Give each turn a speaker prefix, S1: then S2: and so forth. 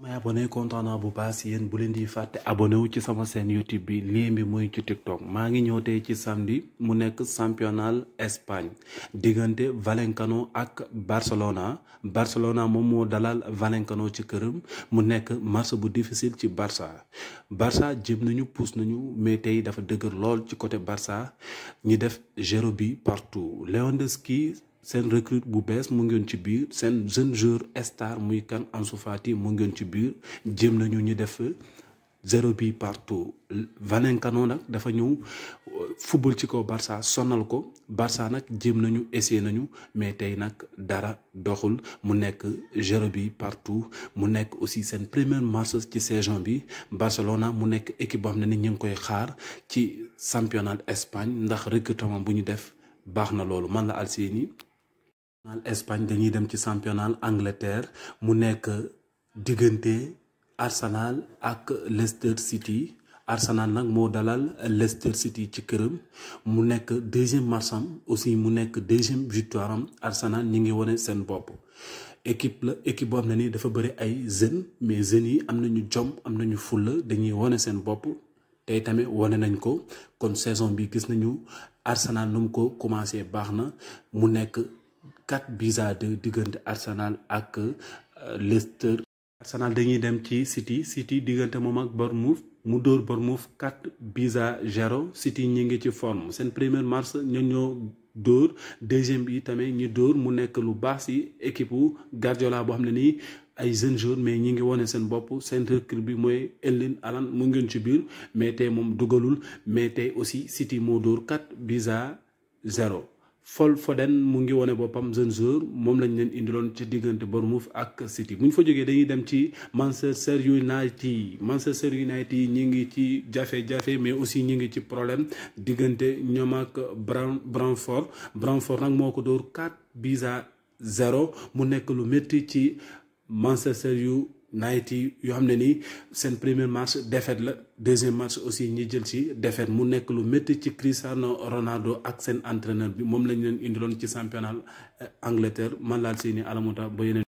S1: may abonné kontaan bu baas si yéen bu leen di fàtte abonné wu ci sama seen youtube bi lien bi mooy ci tiktok maa ngi ñëw tey ci samedi mu nekk championnat Espagne diggante Valencano ak Barcelona Barcelona moom moo dalal Valencano ci këram mu nekk match bu difficile ci Barça Barça jéem nañu pousse nañu mais tey dafa dëggër lool ci côté Barça ñi def zéro bi partout Lewandowski seen recrute bu bees mu ngeen ci biir seen jeune joueur star muy kan en Fati mu ngeen ci biir jéem nañu ñu def zéro bi partout Valenciano nag dafa ñëw football ci kaw Barça sonal ko barsa nag jéem nañu essayé nañu mais tey nag dara doxul mu nekk zéro bi partout mu nekk aussi seen première match ci saison bi Barcelona mu nekk équipe boo xam ne ni ñu ngi koy xaar ci championnat Espagne ndax recrutement bu ñu def baax na loolu man la Alseyni Espagne dañuy dem ci championnat Angleterre mu nekk diggante Arsenal ak Leicester City Arsenal nak mo dalal Leicester City ci kërëm mu nekk deuxième match am aussi mu nekk deuxième victoire am Arsenal ñi ngi woné sen bop équipe la équipe boo xam dafa bëri ay jeunes mais jeunes yi amna ñu jom amna ñu fulla dañuy woné sen bop tay tamé woné nañ ko kon saison bi gis nañu Arsenal num ko commencé baxna mu nekk quatre buts de diggante Arsenal ak euh, Leicester. Arsenal dañuy dem ci siti City diggante moom ak Bournemouth mu dóor Bournemouth quatre buts à zéro siti ñi ngi ci forme seen premier match ñoo ñoo dóor deuxième bi tamit ñu dóor mu nekk lu baax si équipe wu Guardiola boo xam ne ni ay jeunes joueurs mais ñi ngi wone seen bopp seen recrue bi mooy Erling alan mu ngeen ci biir mais tey moom dugalul mais te aussi siti moo dóor 4 buts à Phil Foden mu ngi wone boppam jeune joueur moom lañ leen indiloon ca diggante Bournemouth ak City bu ñu fa jógee dañuy dem ci Manchester United Manchester United ñu ngi ci jafe-jafe mais aussi ñu ngi ci problème diggante ñoom ak Brentford Brentford nag moo ko dóor 4 bis à mu nekk lu métti ci Manchester United nawet yi yoo xam ne ni seen premier match défaite la deuxième match aussi ñi jël ci défaite mu nekk lu métti ci Cristiano Ronaldo ak seen entraîneur bi moom lañ leen indiloon ci championnat Angleterre man laal seeni alamuta ba yeneen